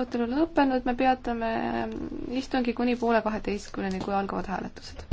arutelu lõppenud, me peatame istungi kuni poole kaheteistkümneni, kui algavad hääletused.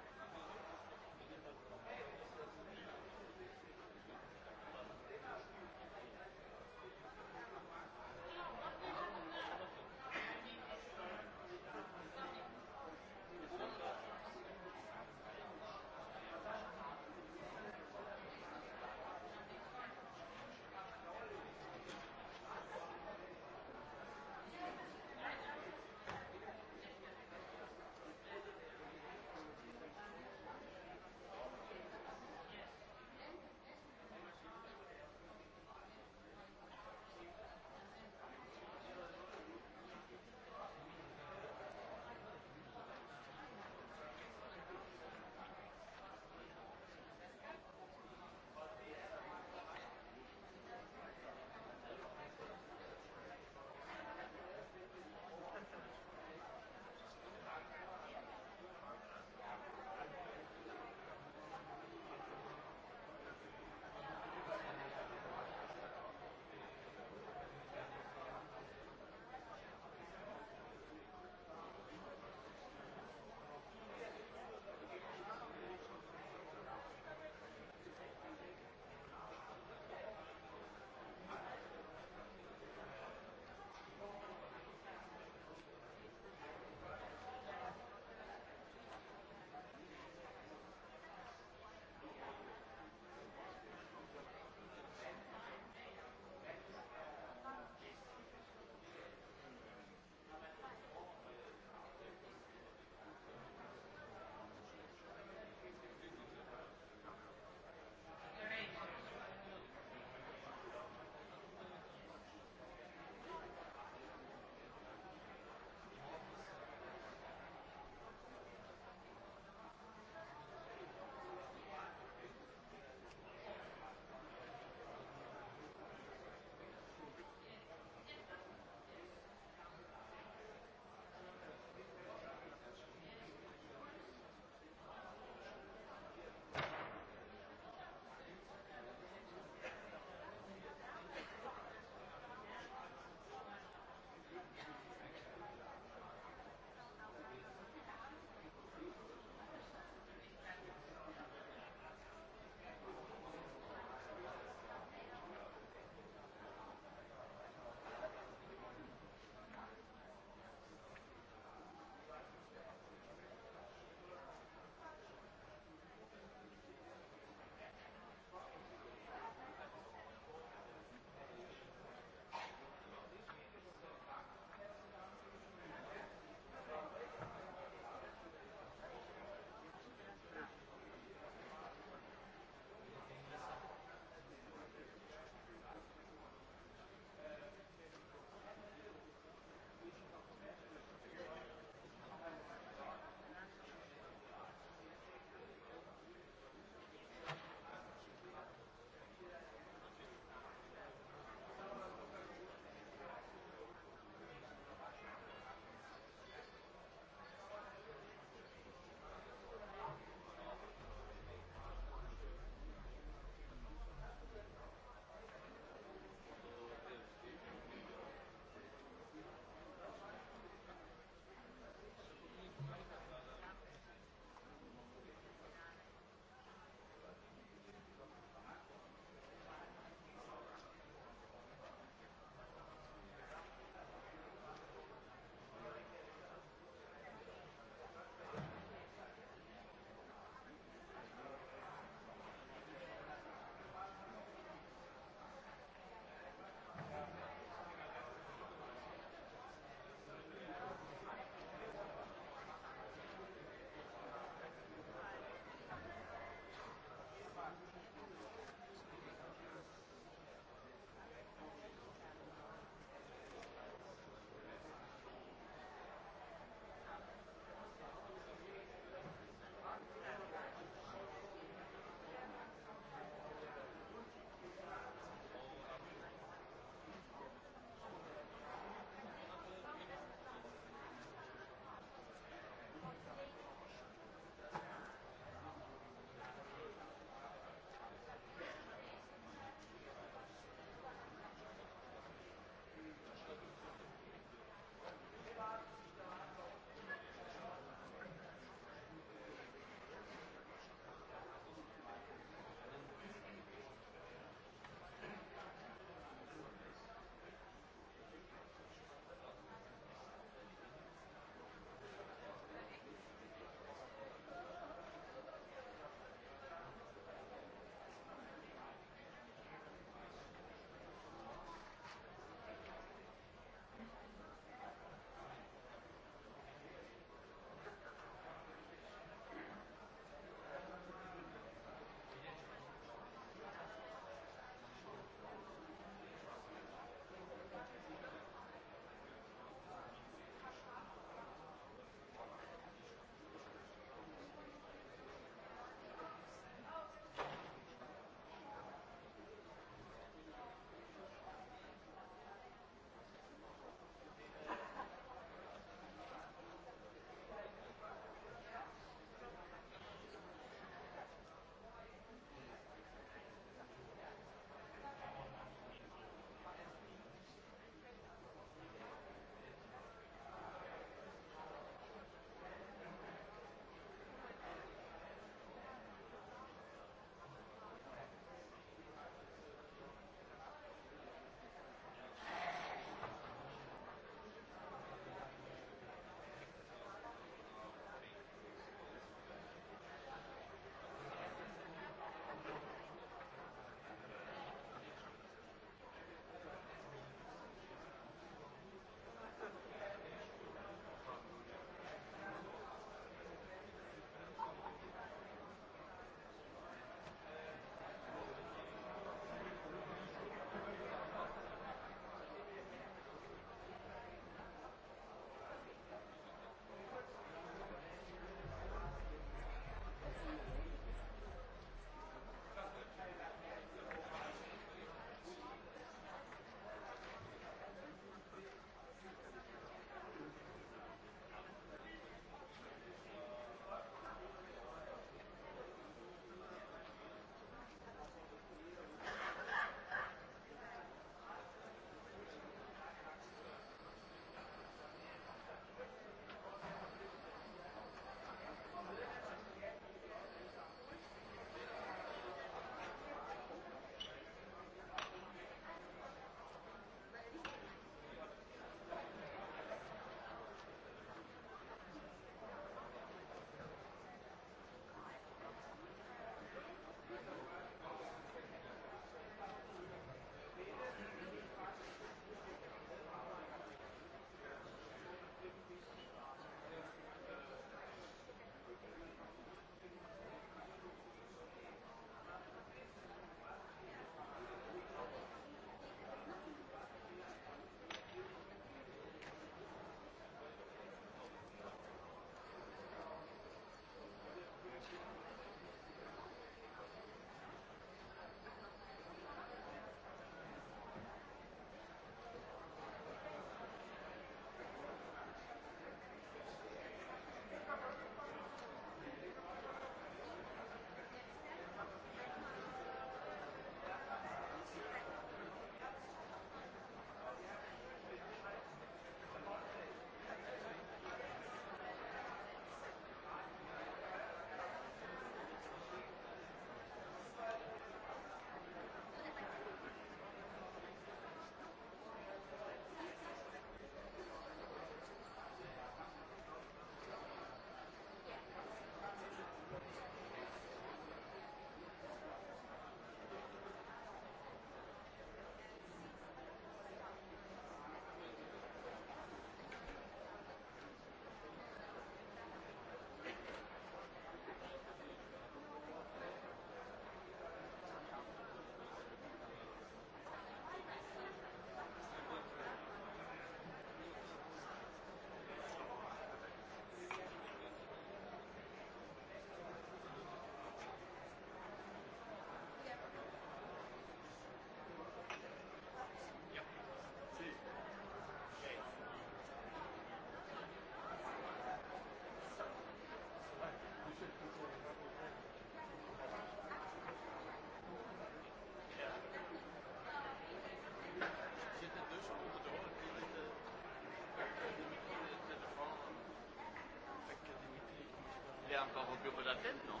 proprio quella del no?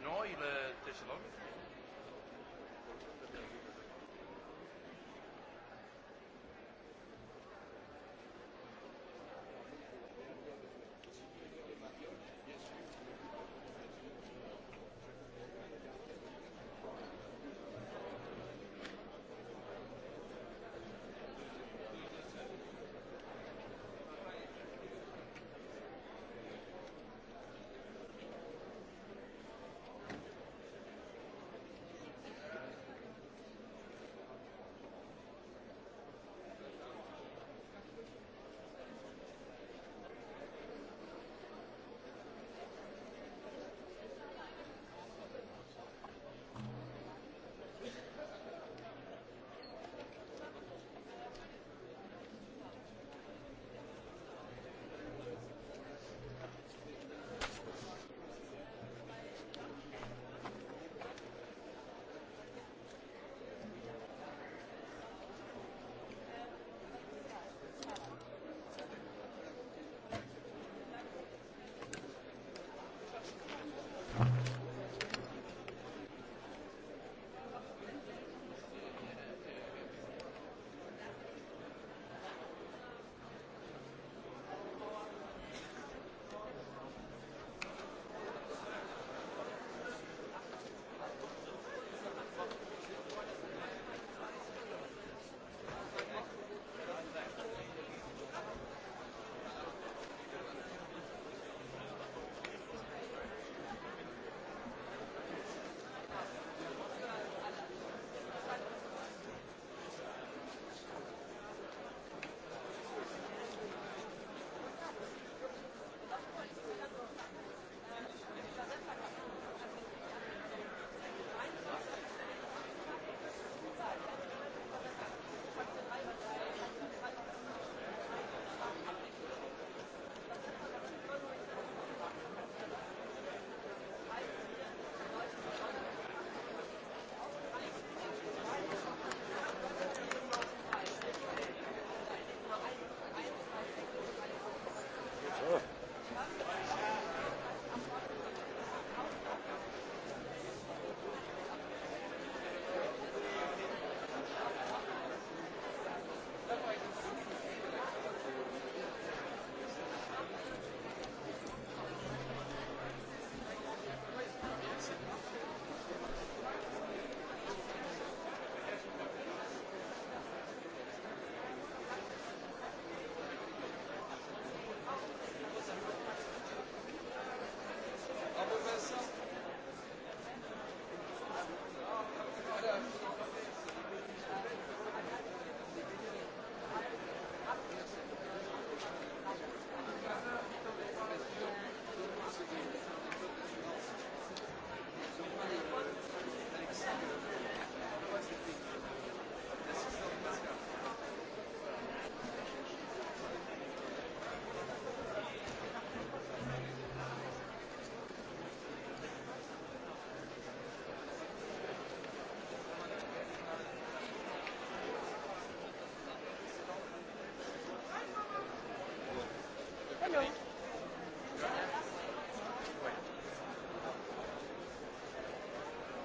No, il Thessaloniki.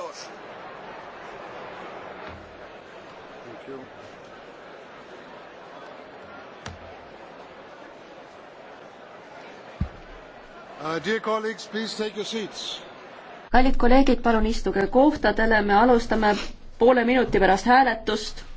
todos. Thank you. Uh, dear colleagues, please take your seats. kallid kolleegid, palun istuge kohtadele, me alustame poole minuti pärast hääletust